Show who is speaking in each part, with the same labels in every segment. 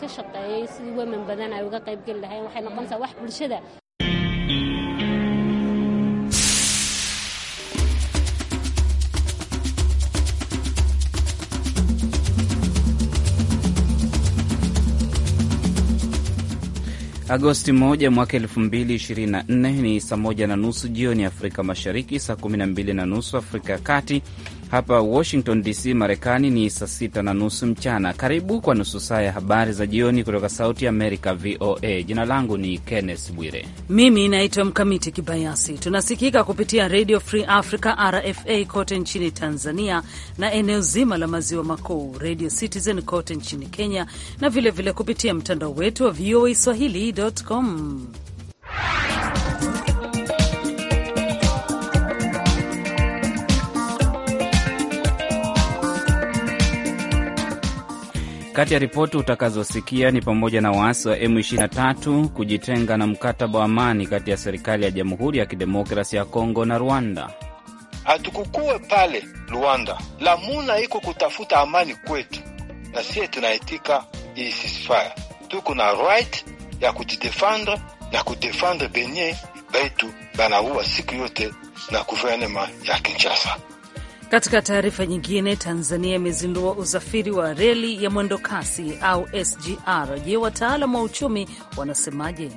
Speaker 1: ka shaqeeyay sidii women badan ay uga qayb qaybgeli lahayn waxay noqonaysaa wax bulshada
Speaker 2: Agosti 1 mwaka 2024 ni saa moja na nusu jioni Afrika Mashariki, saa 12 na nusu Afrika ya Kati. Hapa Washington DC, Marekani ni saa sita na nusu mchana. Karibu kwa nusu saa ya habari za jioni kutoka Sauti Amerika, VOA. Jina langu ni Kenneth Bwire.
Speaker 1: Mimi naitwa Mkamiti Kibayasi. Tunasikika kupitia Radio Free Africa, RFA, kote nchini Tanzania na eneo zima la maziwa makuu, Radio Citizen kote nchini Kenya na vilevile vile kupitia mtandao wetu wa VOA swahili.com
Speaker 2: Kati ya ripoti utakazosikia ni pamoja na waasi wa M23 kujitenga na mkataba wa amani kati ya serikali ya Jamhuri ya Kidemokrasi ya Kongo na Rwanda.
Speaker 3: Hatukukuwe pale Rwanda, Lamuna iko kutafuta amani kwetu, na sie tunaitika hii ceasefire. Tuko na right ya kujidefendre na kudefendre benye baitu banaua siku yote na guvernema ya Kinshasa.
Speaker 1: Katika taarifa nyingine, Tanzania imezindua usafiri wa reli ya mwendokasi au SGR. Je, wataalam wa uchumi wanasemaje?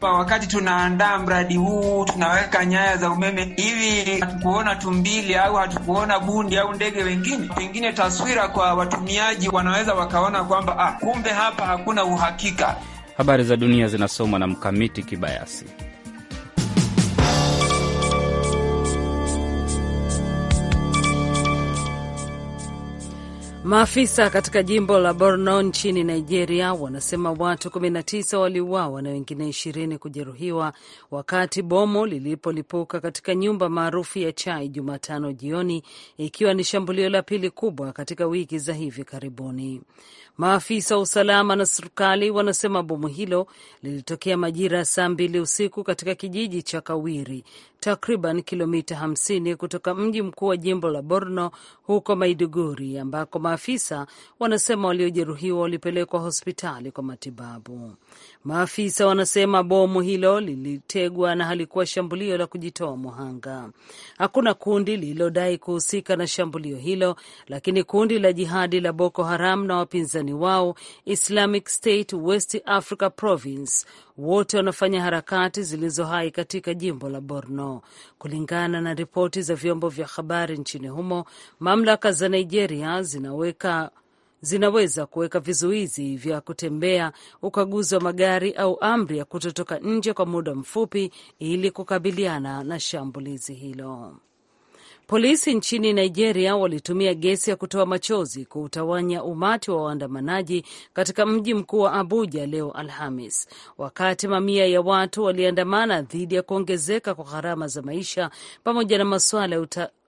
Speaker 1: Kwa wakati tunaandaa mradi huu,
Speaker 2: tunaweka nyaya za umeme hivi, hatukuona tumbili au hatukuona bundi au ndege wengine. Pengine taswira kwa watumiaji wanaweza wakaona kwamba ah, kumbe hapa hakuna uhakika. Habari za dunia zinasomwa na Mkamiti Kibayasi.
Speaker 1: Maafisa katika jimbo la Borno nchini Nigeria wanasema watu 19 waliuawa na wengine 20 kujeruhiwa wakati bomu lilipolipuka katika nyumba maarufu ya chai Jumatano jioni, ikiwa ni shambulio la pili kubwa katika wiki za hivi karibuni. Maafisa wa usalama na serikali wanasema bomu hilo lilitokea majira ya saa mbili usiku katika kijiji cha Kawiri takriban kilomita 50 kutoka mji mkuu wa jimbo la Borno huko Maiduguri, ambako maafisa wanasema waliojeruhiwa walipelekwa hospitali kwa matibabu. Maafisa wanasema bomu hilo lilitegwa na halikuwa shambulio la kujitoa muhanga. Hakuna kundi lililodai kuhusika na shambulio hilo, lakini kundi la jihadi la Boko Haram na wapinzani wao Islamic State West Africa Province wote wanafanya harakati zilizo hai katika jimbo la Borno. Kulingana na ripoti za vyombo vya habari nchini humo, mamlaka za Nigeria zinaweka zinaweza kuweka vizuizi vya kutembea, ukaguzi wa magari au amri ya kutotoka nje kwa muda mfupi ili kukabiliana na shambulizi hilo. Polisi nchini Nigeria walitumia gesi ya kutoa machozi kuutawanya umati wa waandamanaji katika mji mkuu wa Abuja leo Alhamis, wakati mamia ya watu waliandamana dhidi ya kuongezeka kwa gharama za maisha pamoja na masuala ya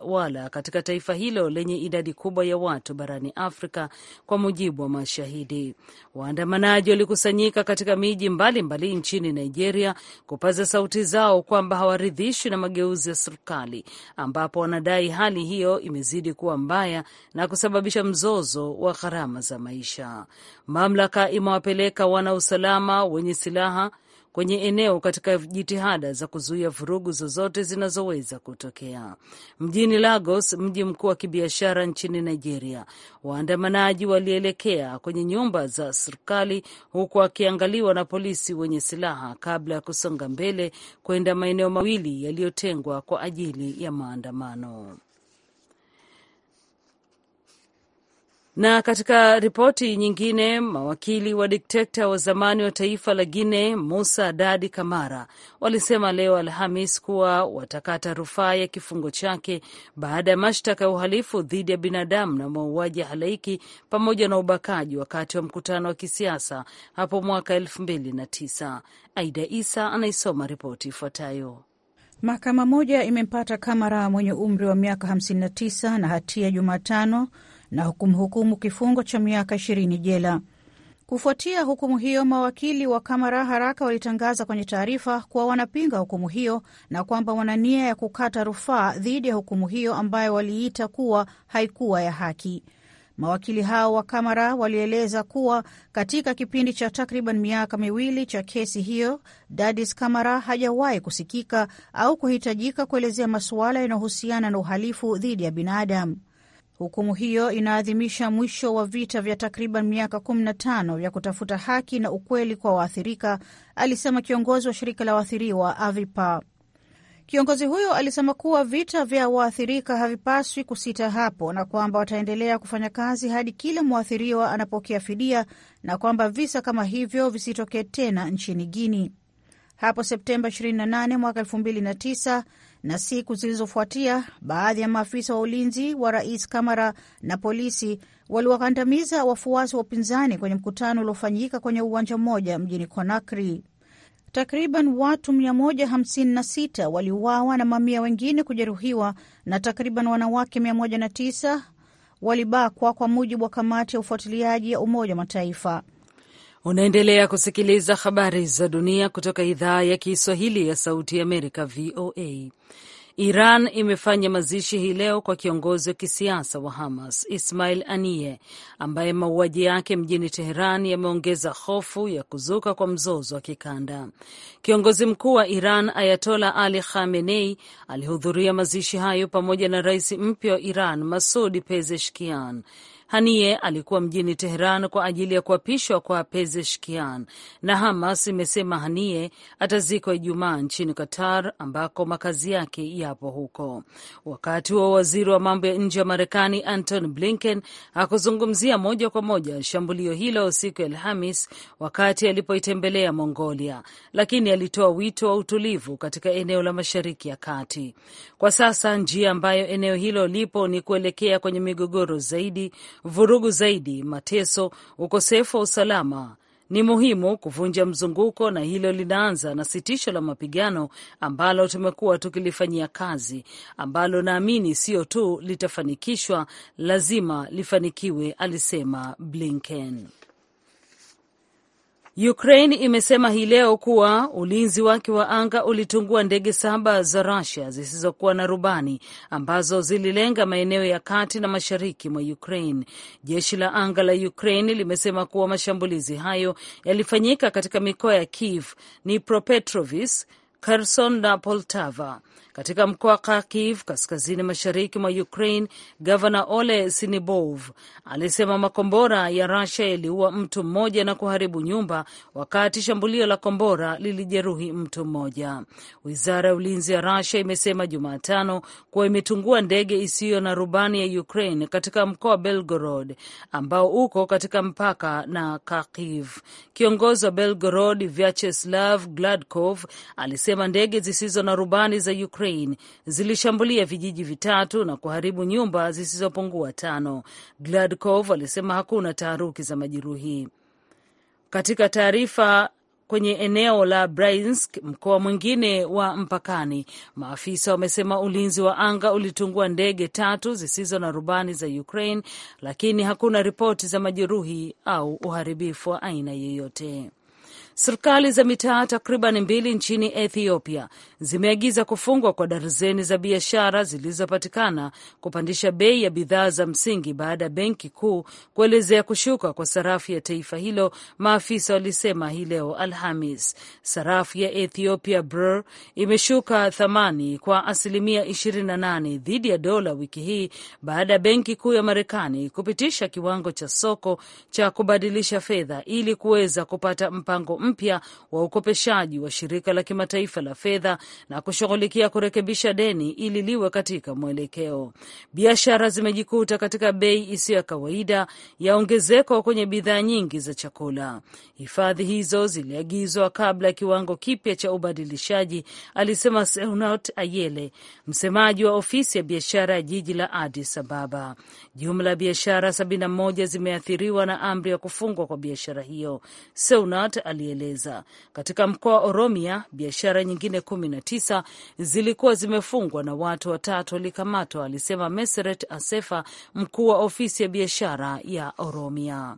Speaker 1: wala katika taifa hilo lenye idadi kubwa ya watu barani Afrika, kwa mujibu wa mashahidi. Waandamanaji walikusanyika katika miji mbalimbali mbali nchini Nigeria kupaza sauti zao kwamba hawaridhishwi na mageuzi ya serikali, ambapo wanadai hali hiyo imezidi kuwa mbaya na kusababisha mzozo wa gharama za maisha. Mamlaka imewapeleka wanausalama wenye silaha kwenye eneo katika jitihada za kuzuia vurugu zozote zinazoweza kutokea. Mjini Lagos, mji mkuu wa kibiashara nchini Nigeria, waandamanaji walielekea kwenye nyumba za serikali huku wakiangaliwa na polisi wenye silaha kabla ya kusonga mbele kwenda maeneo mawili yaliyotengwa kwa ajili ya maandamano. Na katika ripoti nyingine, mawakili wa dikteta wa zamani wa taifa la Guine Musa Dadi Kamara walisema leo Alhamis kuwa watakata rufaa ya kifungo chake baada ya mashtaka ya uhalifu dhidi ya binadamu na mauaji ya halaiki pamoja na ubakaji wakati wa mkutano wa kisiasa hapo mwaka elfu mbili na tisa. Aida Isa anaisoma ripoti ifuatayo.
Speaker 4: Mahakama moja imempata Kamara mwenye umri wa miaka 59 na hatia Jumatano na kumhukumu kifungo cha miaka ishirini jela. Kufuatia hukumu hiyo, mawakili wa Kamara haraka walitangaza kwenye taarifa kuwa wanapinga hukumu hiyo na kwamba wana nia ya kukata rufaa dhidi ya hukumu hiyo ambayo waliita kuwa haikuwa ya haki. Mawakili hao wa Kamara walieleza kuwa katika kipindi cha takriban miaka miwili cha kesi hiyo, Dadis Kamara hajawahi kusikika au kuhitajika kuelezea masuala yanayohusiana na uhalifu dhidi ya binadamu. Hukumu hiyo inaadhimisha mwisho wa vita vya takriban miaka 15 vya kutafuta haki na ukweli kwa waathirika, alisema kiongozi wa shirika la waathiriwa Avipa. Kiongozi huyo alisema kuwa vita vya waathirika havipaswi kusita hapo na kwamba wataendelea kufanya kazi hadi kila mwathiriwa anapokea fidia na kwamba visa kama hivyo visitokee tena nchini Guini. Hapo Septemba 28 mwaka 2009 na siku zilizofuatia baadhi ya maafisa wa ulinzi wa rais Kamara na polisi waliwakandamiza wafuasi wa upinzani kwenye mkutano uliofanyika kwenye uwanja mmoja mjini Conakry. Takriban watu 156 waliuawa na mamia wengine kujeruhiwa na takriban wanawake 109 walibakwa, kwa mujibu wa kamati ya ufuatiliaji ya Umoja wa Mataifa.
Speaker 1: Unaendelea kusikiliza habari za dunia kutoka idhaa ya Kiswahili ya Sauti ya Amerika, VOA. Iran imefanya mazishi hii leo kwa kiongozi wa kisiasa wa Hamas Ismail anie ambaye mauaji yake mjini Teheran yameongeza hofu ya kuzuka kwa mzozo wa kikanda. Kiongozi mkuu wa Iran Ayatola Ali Khamenei alihudhuria mazishi hayo pamoja na rais mpya wa Iran Masudi Pezeshkian. Haniye alikuwa mjini Teheran kwa ajili ya kuapishwa kwa Pezeshkian, na Hamas imesema Haniye atazikwa Ijumaa nchini Qatar, ambako makazi yake yapo huko. Wakati wa waziri wa mambo ya nje wa Marekani antony Blinken hakuzungumzia moja kwa moja shambulio hilo siku ya Alhamis wakati alipoitembelea Mongolia, lakini alitoa wito wa utulivu katika eneo la Mashariki ya Kati. Kwa sasa njia ambayo eneo hilo lipo ni kuelekea kwenye migogoro zaidi, vurugu zaidi, mateso, ukosefu wa usalama. Ni muhimu kuvunja mzunguko, na hilo linaanza na sitisho la mapigano ambalo tumekuwa tukilifanyia kazi, ambalo naamini sio tu litafanikishwa, lazima lifanikiwe, alisema Blinken. Ukraine imesema hii leo kuwa ulinzi wake wa anga ulitungua ndege saba za Russia zisizokuwa na rubani ambazo zililenga maeneo ya kati na mashariki mwa Ukraine. Jeshi la anga la Ukraine limesema kuwa mashambulizi hayo yalifanyika katika mikoa ya Kiev, Dnipropetrovsk Kherson na Poltava. Katika mkoa wa Kharkiv kaskazini mashariki mwa Ukraine, gavana Ole Sinibov alisema makombora ya rasia yaliua mtu mmoja na kuharibu nyumba, wakati shambulio la kombora lilijeruhi mtu mmoja. Wizara ya ulinzi ya Russia imesema Jumatano kuwa imetungua ndege isiyo na rubani ya Ukraine katika mkoa wa Belgorod ambao uko katika mpaka na Kharkiv. Kiongozi wa Belgorod Vyacheslav Gladkov alisema amesema ndege zisizo na rubani za Ukraine zilishambulia vijiji vitatu na kuharibu nyumba zisizopungua tano. Gladkov alisema hakuna taharuki za majeruhi. Katika taarifa kwenye eneo la Bryansk, mkoa mwingine wa mpakani, maafisa wamesema ulinzi wa anga ulitungua ndege tatu zisizo na rubani za Ukraine, lakini hakuna ripoti za majeruhi au uharibifu wa aina yeyote. Serikali za mitaa takriban mbili nchini Ethiopia zimeagiza kufungwa kwa darzeni za biashara zilizopatikana kupandisha bei ya bidhaa za msingi baada ya benki kuu kuelezea kushuka kwa sarafu ya taifa hilo, maafisa walisema hii leo Alhamis. Sarafu ya Ethiopia birr imeshuka thamani kwa asilimia 28 dhidi ya dola wiki hii baada ya benki kuu ya Marekani kupitisha kiwango cha soko cha kubadilisha fedha ili kuweza kupata mpango mpya wa ukopeshaji wa shirika la kimataifa la fedha na kushughulikia kurekebisha deni ili liwe katika mwelekeo. Biashara zimejikuta katika bei isiyo ya kawaida ya ongezeko kwenye bidhaa nyingi za chakula. Hifadhi hizo ziliagizwa kabla ya kiwango kipya cha ubadilishaji, alisema Seunat Ayele, msemaji wa ofisi ya biashara ya jiji la Addis Ababa. Jumla ya biashara 71 zimeathiriwa na amri ya kufungwa kwa biashara hiyo. Seunat ali alieleza. Katika mkoa wa Oromia, biashara nyingine kumi na tisa zilikuwa zimefungwa na watu watatu walikamatwa, alisema Meseret Asefa, mkuu wa ofisi ya biashara ya Oromia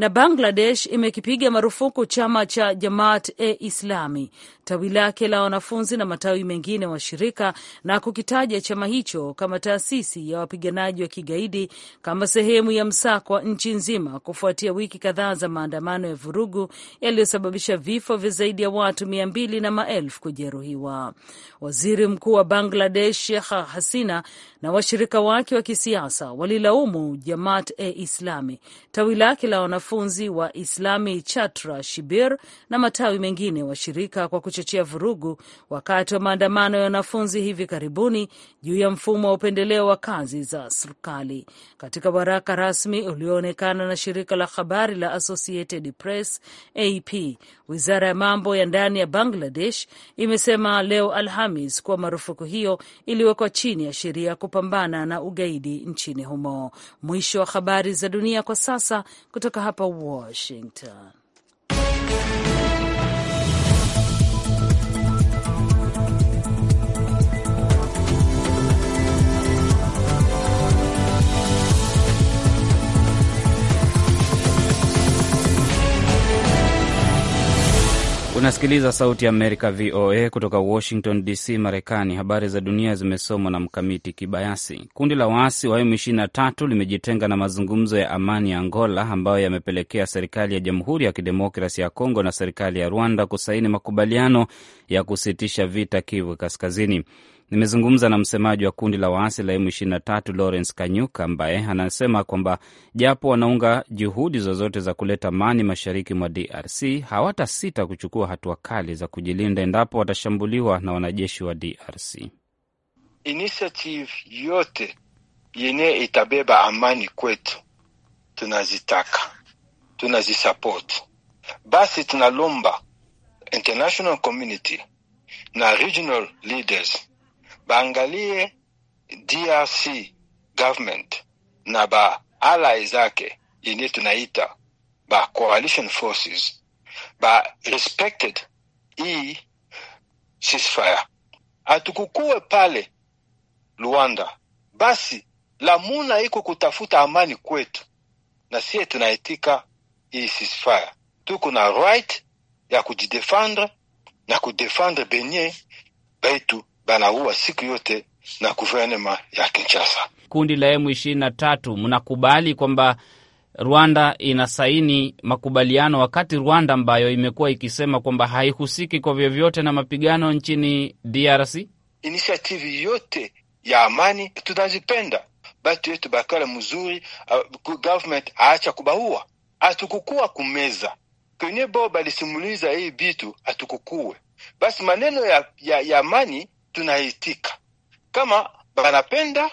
Speaker 1: na Bangladesh imekipiga marufuku chama cha Jamaat e Islami, tawi lake la wanafunzi na matawi mengine wa shirika na kukitaja chama hicho kama taasisi ya wapiganaji wa kigaidi kama sehemu ya msako wa nchi nzima kufuatia wiki kadhaa za maandamano ya vurugu yaliyosababisha vifo vya zaidi ya watu mia mbili na maelfu kujeruhiwa. Waziri Mkuu wa Bangladesh Sheikh Hasina na washirika wake wa kisiasa walilaumu Jamaat e Islami, tawi lake la wanafunzi wa Islami Chatra Shibir na matawi mengine washirika kwa kuchochea vurugu wakati wa maandamano ya wanafunzi hivi karibuni juu ya mfumo wa upendeleo wa kazi za serikali. Katika waraka rasmi ulioonekana na shirika la habari la Associated Press AP, wizara ya mambo ya ndani ya Bangladesh imesema leo Alhamis kuwa marufuku hiyo iliwekwa chini ya sheria kupambana na ugaidi nchini humo. Mwisho wa habari za dunia kwa sasa kutoka hapa Washington.
Speaker 2: Unasikiliza Sauti ya Amerika, VOA, kutoka Washington DC, Marekani. Habari za dunia zimesomwa na Mkamiti Kibayasi. Kundi la waasi wa M23 limejitenga na mazungumzo ya amani ya Angola ambayo yamepelekea serikali ya Jamhuri ya Kidemokrasi ya Kongo na serikali ya Rwanda kusaini makubaliano ya kusitisha vita Kivu Kaskazini. Nimezungumza na msemaji wa kundi la waasi la M23 Lawrence Kanyuka ambaye anasema kwamba japo wanaunga juhudi zozote za kuleta amani mashariki mwa DRC hawatasita kuchukua hatua kali za kujilinda endapo watashambuliwa na wanajeshi wa DRC.
Speaker 3: Initiative yote yenye itabeba amani kwetu tunazitaka, tunazisapoti. Basi tunalomba international community na regional leaders baangalie DRC government na ba allies zake yenye tunaita ba coalition forces ba respected hii e ceasefire. Hatukukuwe pale Luanda, basi lamuna iko kutafuta amani kwetu, na siye tunaitika hii e ceasefire. Tuko na right ya kujidefendre na kudefendre benye baitu banaua siku yote na guvernema ya Kinshasa.
Speaker 2: Kundi la emu ishirini na tatu, mnakubali kwamba Rwanda inasaini makubaliano wakati Rwanda ambayo imekuwa ikisema kwamba haihusiki kwa vyovyote na mapigano nchini DRC.
Speaker 3: Inisiativi yote ya amani tunazipenda, batu yetu bakale mzuri, uh, government aacha kubaua. Hatukukuwa kumeza kwenye bo balisimuliza hii bitu, hatukukuwe basi maneno ya, ya, ya amani tunaitika. Kama banapenda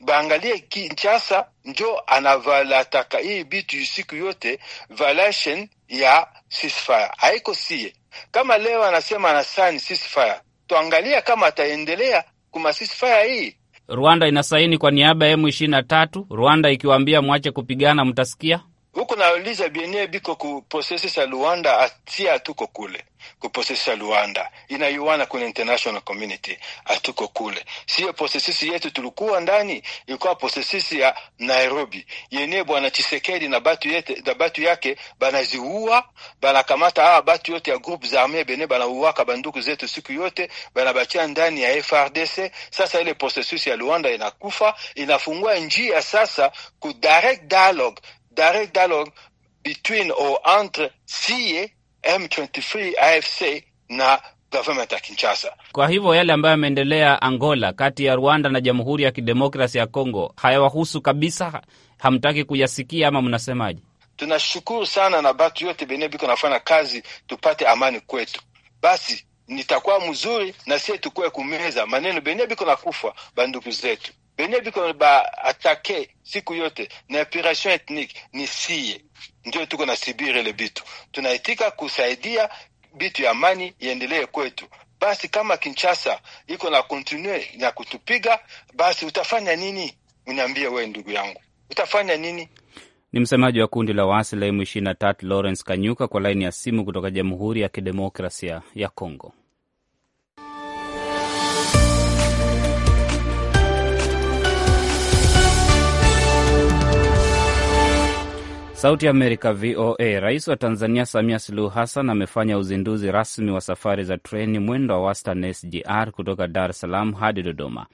Speaker 3: baangalie Kinchasa njo anavalataka hii bitu siku yote violation ya ceasefire haiko sie. Kama leo anasema anasaini ceasefire, tuangalia kama ataendelea kuma ceasefire hii.
Speaker 2: Rwanda inasaini kwa niaba ya m tatu Rwanda ikiwaambia mwache kupigana, mtasikia
Speaker 3: huku. Nauliza bienie biko ku prosesi Rwanda atia tuko kule kuprosesa Luanda, inaiwana kuna international community. Hatuko kule, Sio posesisi yetu tulikuwa ndani, ilikuwa posesisi ya Nairobi yenye bwana Chisekedi na batu yete, na batu yake banaziua banakamata hawa batu yote ya group za armee bene banauwaka banduku zetu siku yote banabatia ndani ya FRDC. Sasa ile processus ya Luanda inakufa, inafungua njia sasa ku direct dialogue, direct dialogue between or entre sie M23 AFC na government ya Kinshasa.
Speaker 2: Kwa hivyo yale ambayo yameendelea Angola, kati ya Rwanda na Jamhuri ya Kidemokrasi ya congo hayawahusu kabisa, hamtaki kuyasikia ama mnasemaje?
Speaker 3: Tunashukuru sana na batu yote benye biko nafanya kazi tupate amani kwetu. Basi nitakuwa mzuri na sie tukuwe kumeza maneno benye biko nakufa bandugu zetu benye biko ba atake siku yote na epiration ethnique ni sie ndio tuko na sibiri ile bitu, tunaitika kusaidia bitu ya amani iendelee kwetu. Basi kama Kinshasa iko na kontinue na kutupiga, basi utafanya nini? Uniambie wewe ndugu yangu, utafanya nini?
Speaker 2: Ni msemaji wa kundi la waasi la M23 Lawrence Kanyuka kwa laini ya simu kutoka Jamhuri ya Kidemokrasia ya Kongo. Sauti Amerika, VOA. Rais wa Tanzania Samia Suluhu Hassan amefanya uzinduzi rasmi wa safari za treni mwendo wa wastan SGR kutoka Dar es Salaam hadi Dodoma.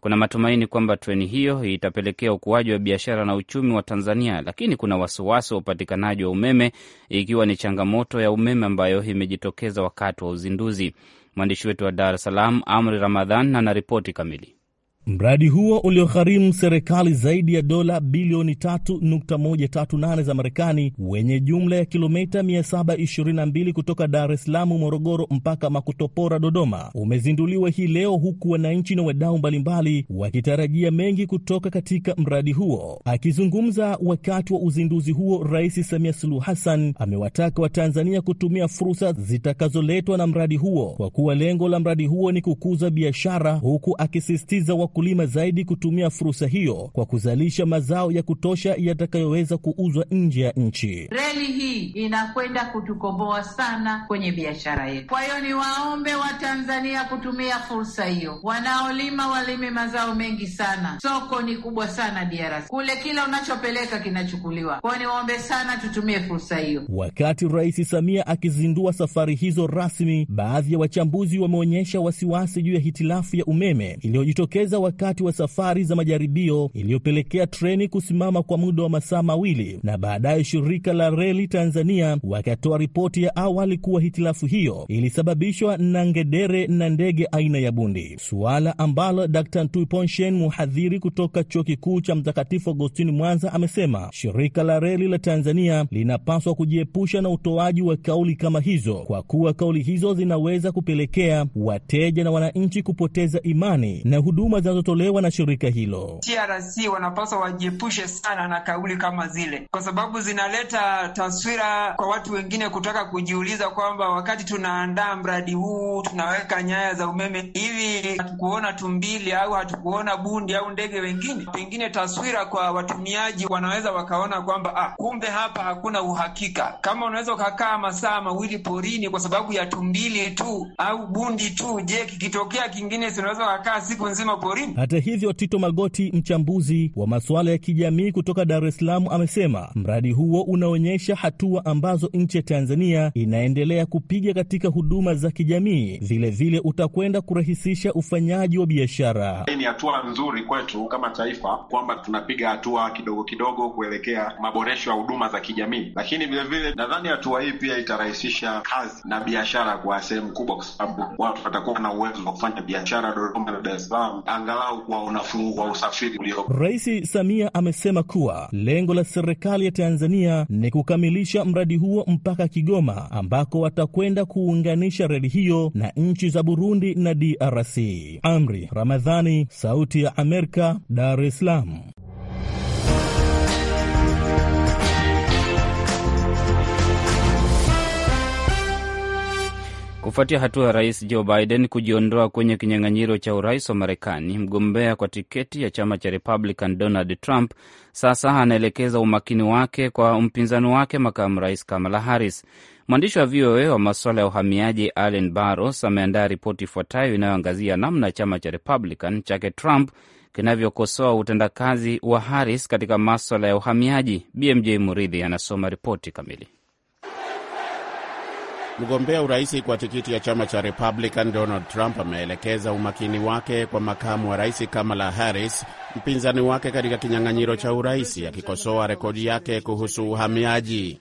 Speaker 2: Kuna matumaini kwamba treni hiyo itapelekea ukuaji wa biashara na uchumi wa Tanzania, lakini kuna wasiwasi wa upatikanaji wa umeme, ikiwa ni changamoto ya umeme ambayo imejitokeza wakati wa uzinduzi. Mwandishi wetu wa Dar es Salaam, Amri Ramadhan, anaripoti kamili.
Speaker 5: Mradi huo uliogharimu serikali zaidi ya dola bilioni 3.138 za Marekani, wenye jumla ya kilomita 722 kutoka Dar es Salaam, Morogoro mpaka Makutopora, Dodoma, umezinduliwa hii leo, huku wananchi na wadau mbalimbali wakitarajia mengi kutoka katika mradi huo. Akizungumza wakati wa uzinduzi huo, Rais Samia Suluhu Hassan amewataka Watanzania kutumia fursa zitakazoletwa na mradi huo, kwa kuwa lengo la mradi huo ni kukuza biashara, huku akisisitiza waku wakulima zaidi kutumia fursa hiyo kwa kuzalisha mazao ya kutosha yatakayoweza kuuzwa nje ya nchi.
Speaker 6: Reli hii inakwenda kutukomboa sana kwenye biashara yetu. Kwa hiyo niwaombe Watanzania kutumia fursa hiyo, wanaolima walime mazao mengi sana. Soko ni kubwa sana DRC, kule kila unachopeleka kinachukuliwa. kwao, niwaombe sana, tutumie fursa hiyo.
Speaker 5: Wakati Rais Samia akizindua safari hizo rasmi, baadhi ya wachambuzi wameonyesha wasiwasi juu ya hitilafu ya umeme iliyojitokeza wakati wa safari za majaribio iliyopelekea treni kusimama kwa muda wa masaa mawili, na baadaye shirika la reli Tanzania wakatoa ripoti ya awali kuwa hitilafu hiyo ilisababishwa na ngedere na ndege aina ya bundi, suala ambalo Dr. Tuiponshen, mhadhiri kutoka chuo kikuu cha Mtakatifu Agostini Mwanza, amesema shirika la reli la Tanzania linapaswa kujiepusha na utoaji wa kauli kama hizo, kwa kuwa kauli hizo zinaweza kupelekea wateja na wananchi kupoteza imani na huduma za zinazotolewa na shirika hilo.
Speaker 2: TRC wanapaswa wajiepushe sana na kauli kama zile, kwa sababu zinaleta taswira kwa watu wengine kutaka kujiuliza kwamba wakati tunaandaa mradi huu, tunaweka nyaya za umeme, hivi hatukuona tumbili au hatukuona bundi au ndege wengine? Pengine taswira kwa watumiaji wanaweza wakaona kwamba ah, kumbe hapa hakuna uhakika. Kama unaweza ukakaa masaa mawili porini kwa sababu ya tumbili tu au bundi tu, je, kikitokea kingine, si unaweza ukakaa siku nzima porini? serikalini.
Speaker 5: Hata hivyo, Tito Magoti, mchambuzi wa masuala ya kijamii kutoka Dar es Salaam, amesema mradi huo unaonyesha hatua ambazo nchi ya Tanzania inaendelea kupiga katika huduma za kijamii, vilevile utakwenda kurahisisha ufanyaji wa biashara.
Speaker 7: Hii ni hatua nzuri kwetu kama taifa kwamba tunapiga hatua kidogo kidogo kuelekea maboresho ya huduma za kijamii, lakini vilevile nadhani hatua hii pia itarahisisha kazi na biashara kwa sehemu kubwa, kwa sababu watu watakuwa na uwezo wa kufanya biashara Dodoma na Dar es Salaam angalau kwa unafuu wa usafiri ulio.
Speaker 5: Rais Samia amesema kuwa lengo la serikali ya Tanzania ni kukamilisha mradi huo mpaka Kigoma, ambako watakwenda kuunganisha reli hiyo na nchi za Burundi na DRC. Amri Ramadhani, Sauti ya Amerika, Dar es Salaam.
Speaker 2: Kufuatia hatua ya rais Joe Biden kujiondoa kwenye kinyang'anyiro cha urais wa Marekani, mgombea kwa tiketi ya chama cha Republican Donald Trump sasa anaelekeza umakini wake kwa mpinzani wake makamu rais Kamala Harris. Mwandishi wa VOA wa masuala ya uhamiaji Allen Barros ameandaa ripoti ifuatayo inayoangazia namna chama cha Republican chake Trump kinavyokosoa utendakazi wa Harris katika maswala ya uhamiaji. BMJ Muridhi anasoma ripoti kamili.
Speaker 7: Mgombea urais kwa tikiti ya chama cha Republican Donald Trump ameelekeza umakini wake kwa makamu wa rais Kamala Harris, mpinzani wake katika kinyang'anyiro cha urais, akikosoa rekodi yake kuhusu uhamiaji.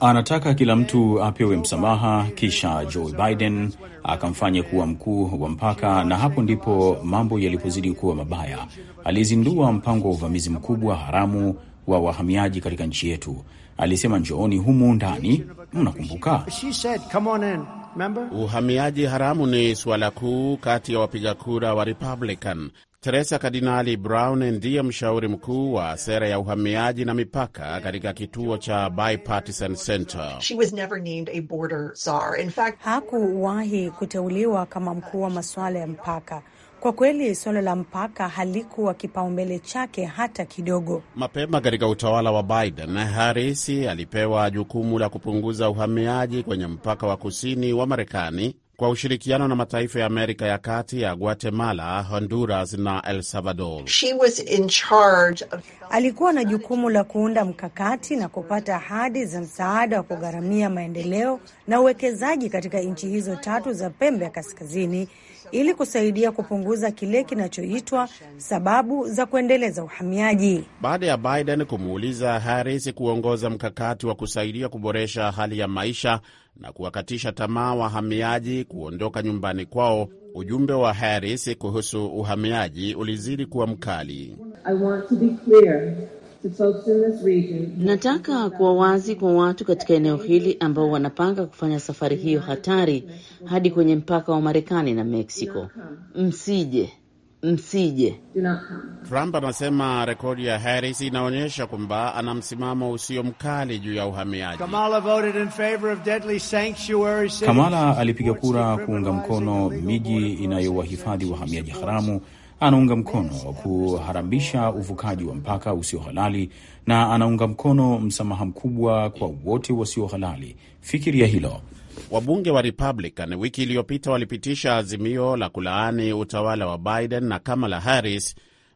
Speaker 7: Anataka kila mtu apewe msamaha, kisha Joe Biden akamfanya kuwa mkuu wa mpaka, na hapo ndipo mambo yalipozidi kuwa mabaya. Alizindua mpango wa uvamizi mkubwa haramu wa wahamiaji katika nchi yetu. Alisema njooni humu ndani, mnakumbuka? Uhamiaji haramu ni suala kuu kati ya wapiga kura wa Republican. Teresa Kardinali Brown ndiye mshauri mkuu wa sera ya uhamiaji na mipaka katika kituo cha Bipartisan Center.
Speaker 4: Hakuwahi kuteuliwa kama mkuu wa masuala ya mpaka. Kwa kweli suala la mpaka halikuwa kipaumbele chake hata kidogo.
Speaker 7: Mapema katika utawala wa Biden, Harris alipewa jukumu la kupunguza uhamiaji kwenye mpaka wa kusini wa Marekani kwa ushirikiano na mataifa ya Amerika ya Kati ya Guatemala, Honduras na el Salvador.
Speaker 6: of...
Speaker 4: alikuwa na jukumu la kuunda mkakati na kupata ahadi za msaada wa kugharamia maendeleo na uwekezaji katika nchi hizo tatu za pembe ya kaskazini ili kusaidia kupunguza kile kinachoitwa sababu za kuendeleza uhamiaji.
Speaker 7: Baada ya Biden kumuuliza Harris kuongoza mkakati wa kusaidia kuboresha hali ya maisha na kuwakatisha tamaa wahamiaji kuondoka nyumbani kwao, ujumbe wa Harris kuhusu uhamiaji ulizidi kuwa mkali.
Speaker 3: I want to be
Speaker 2: clear.
Speaker 6: Nataka kuwa wazi kwa watu katika eneo hili ambao wanapanga kufanya safari hiyo hatari hadi kwenye mpaka wa Marekani na Meksiko. Msije, msije.
Speaker 7: Trump anasema rekodi ya Harris inaonyesha kwamba ana msimamo usio mkali juu ya uhamiaji.
Speaker 3: Kamala alipiga kura
Speaker 2: kuunga mkono miji
Speaker 7: inayowahifadhi wahamiaji haramu anaunga mkono kuharambisha uvukaji wa mpaka usio halali na anaunga mkono msamaha mkubwa kwa wote wasio halali. Fikiria hilo. Wabunge wa Republican wiki iliyopita walipitisha azimio la kulaani utawala wa Biden na Kamala Harris,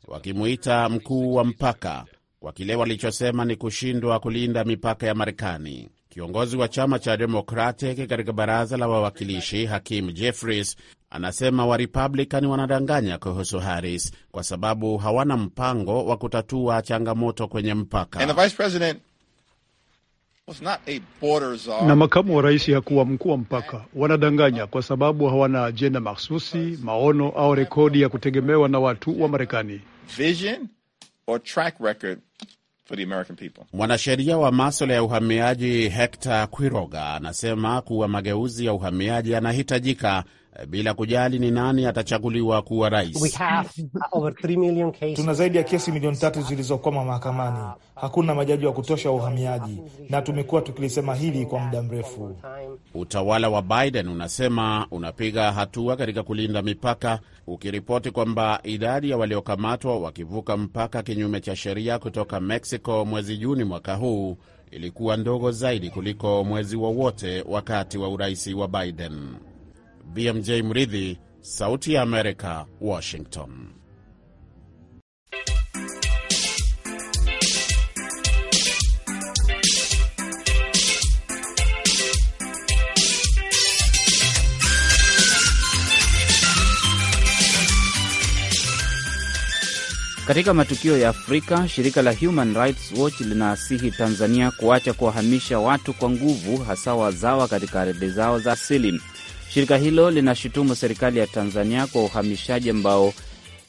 Speaker 7: wakimuita mkuu wa mpaka kwa kile walichosema ni kushindwa kulinda mipaka ya Marekani. Kiongozi wa chama cha Democratic katika baraza la wawakilishi Hakim Jeffries Anasema Warepublican wanadanganya kuhusu Harris kwa sababu hawana mpango wa kutatua changamoto kwenye mpaka.
Speaker 3: Na makamu wa rais hakuwa mkuu wa mpaka.
Speaker 7: Wanadanganya kwa sababu hawana ajenda mahsusi, maono au rekodi ya kutegemewa na watu wa Marekani. Mwanasheria wa maswala ya uhamiaji Hector Quiroga anasema kuwa mageuzi ya uhamiaji yanahitajika Eh, bila kujali ni nani atachaguliwa kuwa rais.
Speaker 5: Tuna zaidi ya kesi milioni tatu zilizokwama mahakamani, hakuna majaji wa kutosha wa uhamiaji, na tumekuwa tukilisema hili kwa muda mrefu.
Speaker 7: Utawala wa Biden unasema unapiga hatua katika kulinda mipaka, ukiripoti kwamba idadi ya waliokamatwa wakivuka mpaka kinyume cha sheria kutoka Mexico mwezi Juni mwaka huu ilikuwa ndogo zaidi kuliko mwezi wowote wa wakati wa urais wa Biden. BMJ Mridhi, Sauti ya Amerika, Washington.
Speaker 2: Katika matukio ya Afrika, shirika la Human Rights Watch linaasihi Tanzania kuacha kuwahamisha watu kwa nguvu, hasa wazawa katika ardhi zao za asili. Shirika hilo linashutumu serikali ya Tanzania kwa uhamishaji ambao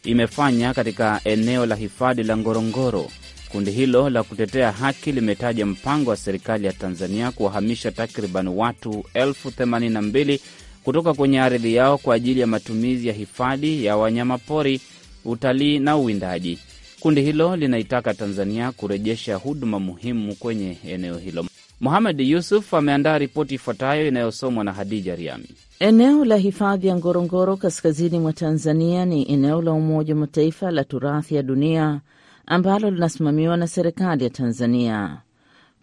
Speaker 2: imefanya katika eneo la hifadhi la Ngorongoro. Kundi hilo la kutetea haki limetaja mpango wa serikali ya Tanzania kuwahamisha takriban watu elfu themanini na mbili kutoka kwenye ardhi yao kwa ajili ya matumizi ya hifadhi ya wanyamapori, utalii na uwindaji. Kundi hilo linaitaka Tanzania kurejesha huduma muhimu kwenye eneo hilo. Muhamed Yusuf ameandaa ripoti ifuatayo inayosomwa na Hadija Riami.
Speaker 6: Eneo la hifadhi ya Ngorongoro kaskazini mwa Tanzania ni eneo la Umoja wa Mataifa la turathi ya dunia ambalo linasimamiwa na serikali ya Tanzania.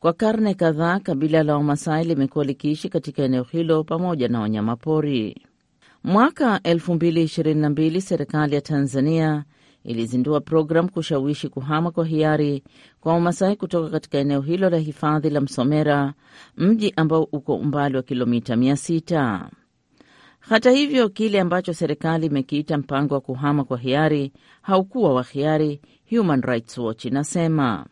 Speaker 6: Kwa karne kadhaa, kabila la Wamasai limekuwa likiishi katika eneo hilo pamoja na wanyamapori. Mwaka 2022 serikali ya Tanzania ilizindua programu kushawishi kuhama kwa hiari kwa Wamasai kutoka katika eneo hilo la hifadhi la Msomera, mji ambao uko umbali wa kilomita 600. Hata hivyo, kile ambacho serikali imekiita mpango wa kuhama kwa hiari haukuwa wa hiari, Human Rights Watch inasema.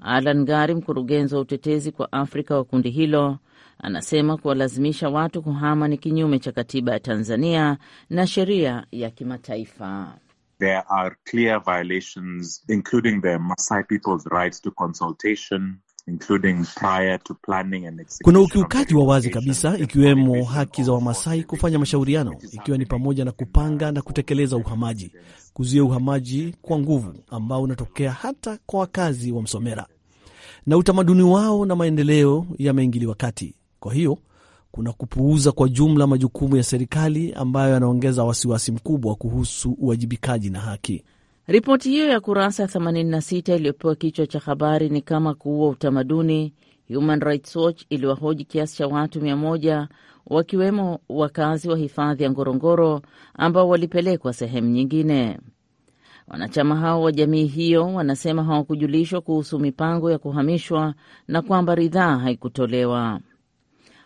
Speaker 6: Alan Gari, mkurugenzi wa utetezi kwa Afrika wa kundi hilo, anasema kuwalazimisha watu kuhama ni kinyume cha katiba ya Tanzania na sheria ya kimataifa.
Speaker 7: There are clear violations including the Maasai people's rights to consultation
Speaker 5: kuna ukiukaji wa wazi kabisa, ikiwemo haki za Wamasai kufanya mashauriano, ikiwa ni pamoja na kupanga na kutekeleza uhamaji, kuzuia uhamaji kwa nguvu ambao unatokea hata kwa wakazi wa Msomera, na utamaduni wao na maendeleo yameingiliwa kati. Kwa hiyo kuna kupuuza kwa jumla majukumu ya serikali ambayo yanaongeza wasiwasi mkubwa kuhusu uwajibikaji na haki.
Speaker 6: Ripoti hiyo ya kurasa 86 iliyopewa kichwa cha habari ni kama kuua utamaduni, Human Rights Watch iliwahoji kiasi cha watu 1 wakiwemo wakazi wa hifadhi ya Ngorongoro ambao walipelekwa sehemu nyingine. Wanachama hao wa jamii hiyo wanasema hawakujulishwa kuhusu mipango ya kuhamishwa na kwamba ridhaa haikutolewa.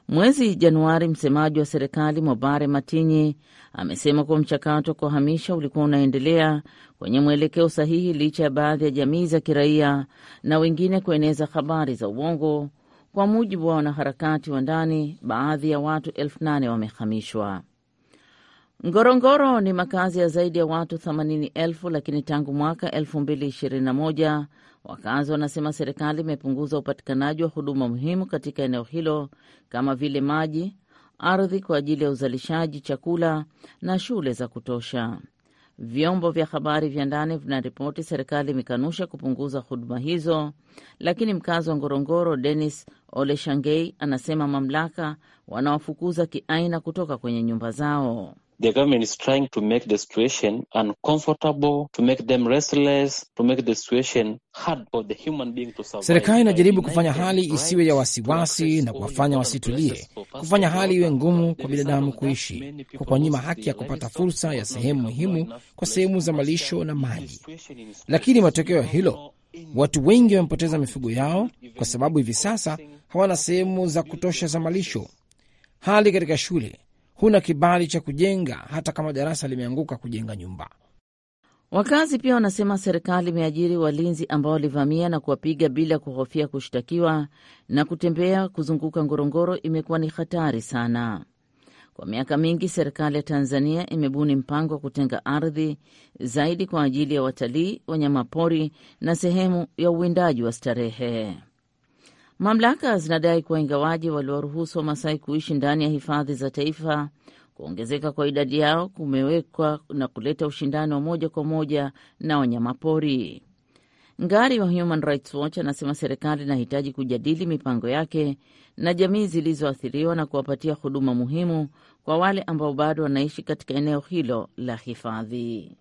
Speaker 6: Mwezi Januari, msemaji wa serikali Mobare Matinyi amesema kuwa mchakato wa kuhamisha ulikuwa unaendelea kwenye mwelekeo sahihi licha ya baadhi ya jamii za kiraia na wengine kueneza habari za uongo. Kwa mujibu wa wanaharakati wa ndani, baadhi ya watu elfu nane wamehamishwa. Ngorongoro ni makazi ya zaidi ya watu 80,000 lakini tangu mwaka 2021 Wakazi wanasema serikali imepunguza upatikanaji wa huduma muhimu katika eneo hilo kama vile maji, ardhi kwa ajili ya uzalishaji chakula na shule za kutosha. Vyombo vya habari vya ndani vinaripoti serikali imekanusha kupunguza huduma hizo, lakini mkazi wa Ngorongoro Denis Oleshangei anasema mamlaka wanawafukuza kiaina kutoka kwenye nyumba zao.
Speaker 2: The government is
Speaker 5: trying to make the situation uncomfortable, to make them restless, to make the situation hard for the human being to survive. Serikali inajaribu
Speaker 2: kufanya hali isiwe ya wasiwasi na kuwafanya wasitulie, kufanya hali iwe ngumu kwa binadamu kuishi, kwa kuwanyima haki ya kupata fursa ya sehemu muhimu kwa sehemu za malisho na maji. Lakini matokeo ya hilo, watu wengi wamepoteza mifugo yao kwa sababu hivi sasa hawana sehemu za kutosha za malisho. Hali katika shule huna kibali cha kujenga, hata kama
Speaker 6: darasa limeanguka, kujenga nyumba. Wakazi pia wanasema serikali imeajiri walinzi ambao walivamia na kuwapiga bila kuhofia kushtakiwa, na kutembea kuzunguka Ngorongoro imekuwa ni hatari sana. Kwa miaka mingi serikali ya Tanzania imebuni mpango wa kutenga ardhi zaidi kwa ajili ya watalii, wanyamapori na sehemu ya uwindaji wa starehe. Mamlaka zinadai kuwa ingawaji waliwaruhusu Wamasai kuishi ndani ya hifadhi za taifa, kuongezeka kwa idadi yao kumewekwa na kuleta ushindani wa moja kwa moja na wanyamapori. Ngari wa Human Rights Watch anasema serikali inahitaji kujadili mipango yake na jamii zilizoathiriwa na kuwapatia huduma muhimu kwa wale ambao bado wanaishi katika eneo hilo la hifadhi.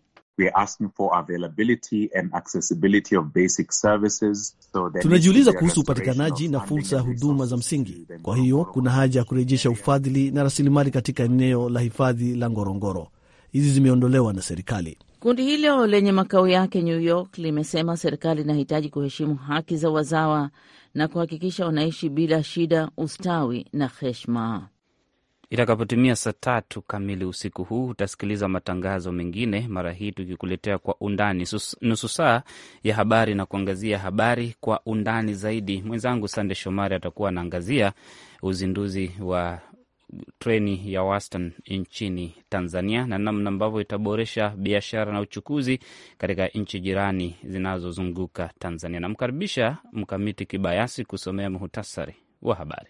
Speaker 7: Tunajiuliza kuhusu upatikanaji
Speaker 5: na fursa ya huduma za msingi. Kwa hiyo kuna haja ya kurejesha ufadhili na rasilimali katika eneo la hifadhi la Ngorongoro. Hizi zimeondolewa na serikali.
Speaker 6: Kundi hilo lenye makao yake New York limesema serikali inahitaji kuheshimu haki za wazawa na kuhakikisha wanaishi bila shida, ustawi na heshima.
Speaker 2: Itakapotimia saa tatu kamili usiku huu utasikiliza matangazo mengine, mara hii tukikuletea kwa undani nusu saa ya habari na kuangazia habari kwa undani zaidi. Mwenzangu Sande Shomari atakuwa anaangazia uzinduzi wa treni ya waston nchini Tanzania na namna ambavyo itaboresha biashara na uchukuzi katika nchi jirani zinazozunguka Tanzania. Namkaribisha Mkamiti Kibayasi kusomea muhutasari wa habari.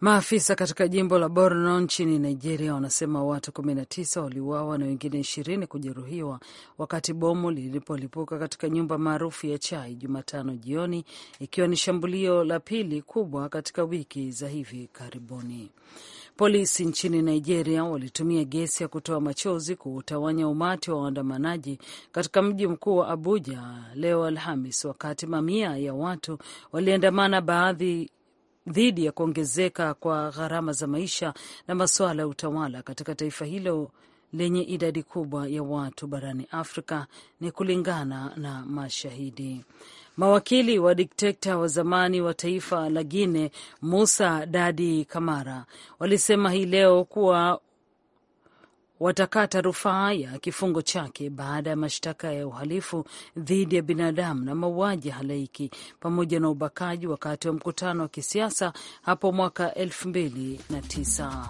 Speaker 1: Maafisa katika jimbo la Borno nchini Nigeria wanasema watu 19 waliuawa na wengine 20 kujeruhiwa wakati bomu lilipolipuka katika nyumba maarufu ya chai Jumatano jioni, ikiwa ni shambulio la pili kubwa katika wiki za hivi karibuni. Polisi nchini Nigeria walitumia gesi ya kutoa machozi kuutawanya umati wa waandamanaji katika mji mkuu wa Abuja leo Alhamis, wakati mamia ya watu waliandamana baadhi dhidi ya kuongezeka kwa gharama za maisha na masuala ya utawala katika taifa hilo lenye idadi kubwa ya watu barani Afrika, ni kulingana na mashahidi. Mawakili wa dikteta wa zamani wa taifa la Guine, Musa Dadi Kamara, walisema hii leo kuwa watakata rufaa ya kifungo chake baada ya mashtaka ya uhalifu dhidi ya binadamu na mauaji halaiki pamoja na ubakaji wakati wa mkutano wa kisiasa hapo mwaka 2009.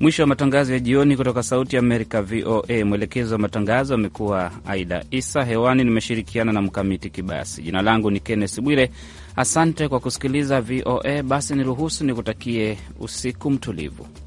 Speaker 2: Mwisho wa matangazo ya jioni kutoka Sauti Amerika, VOA. Mwelekezi wa matangazo amekuwa Aida Isa. Hewani nimeshirikiana na Mkamiti Kibasi. Jina langu ni Kenneth Bwire. Asante kwa kusikiliza VOA. Basi niruhusu nikutakie usiku mtulivu.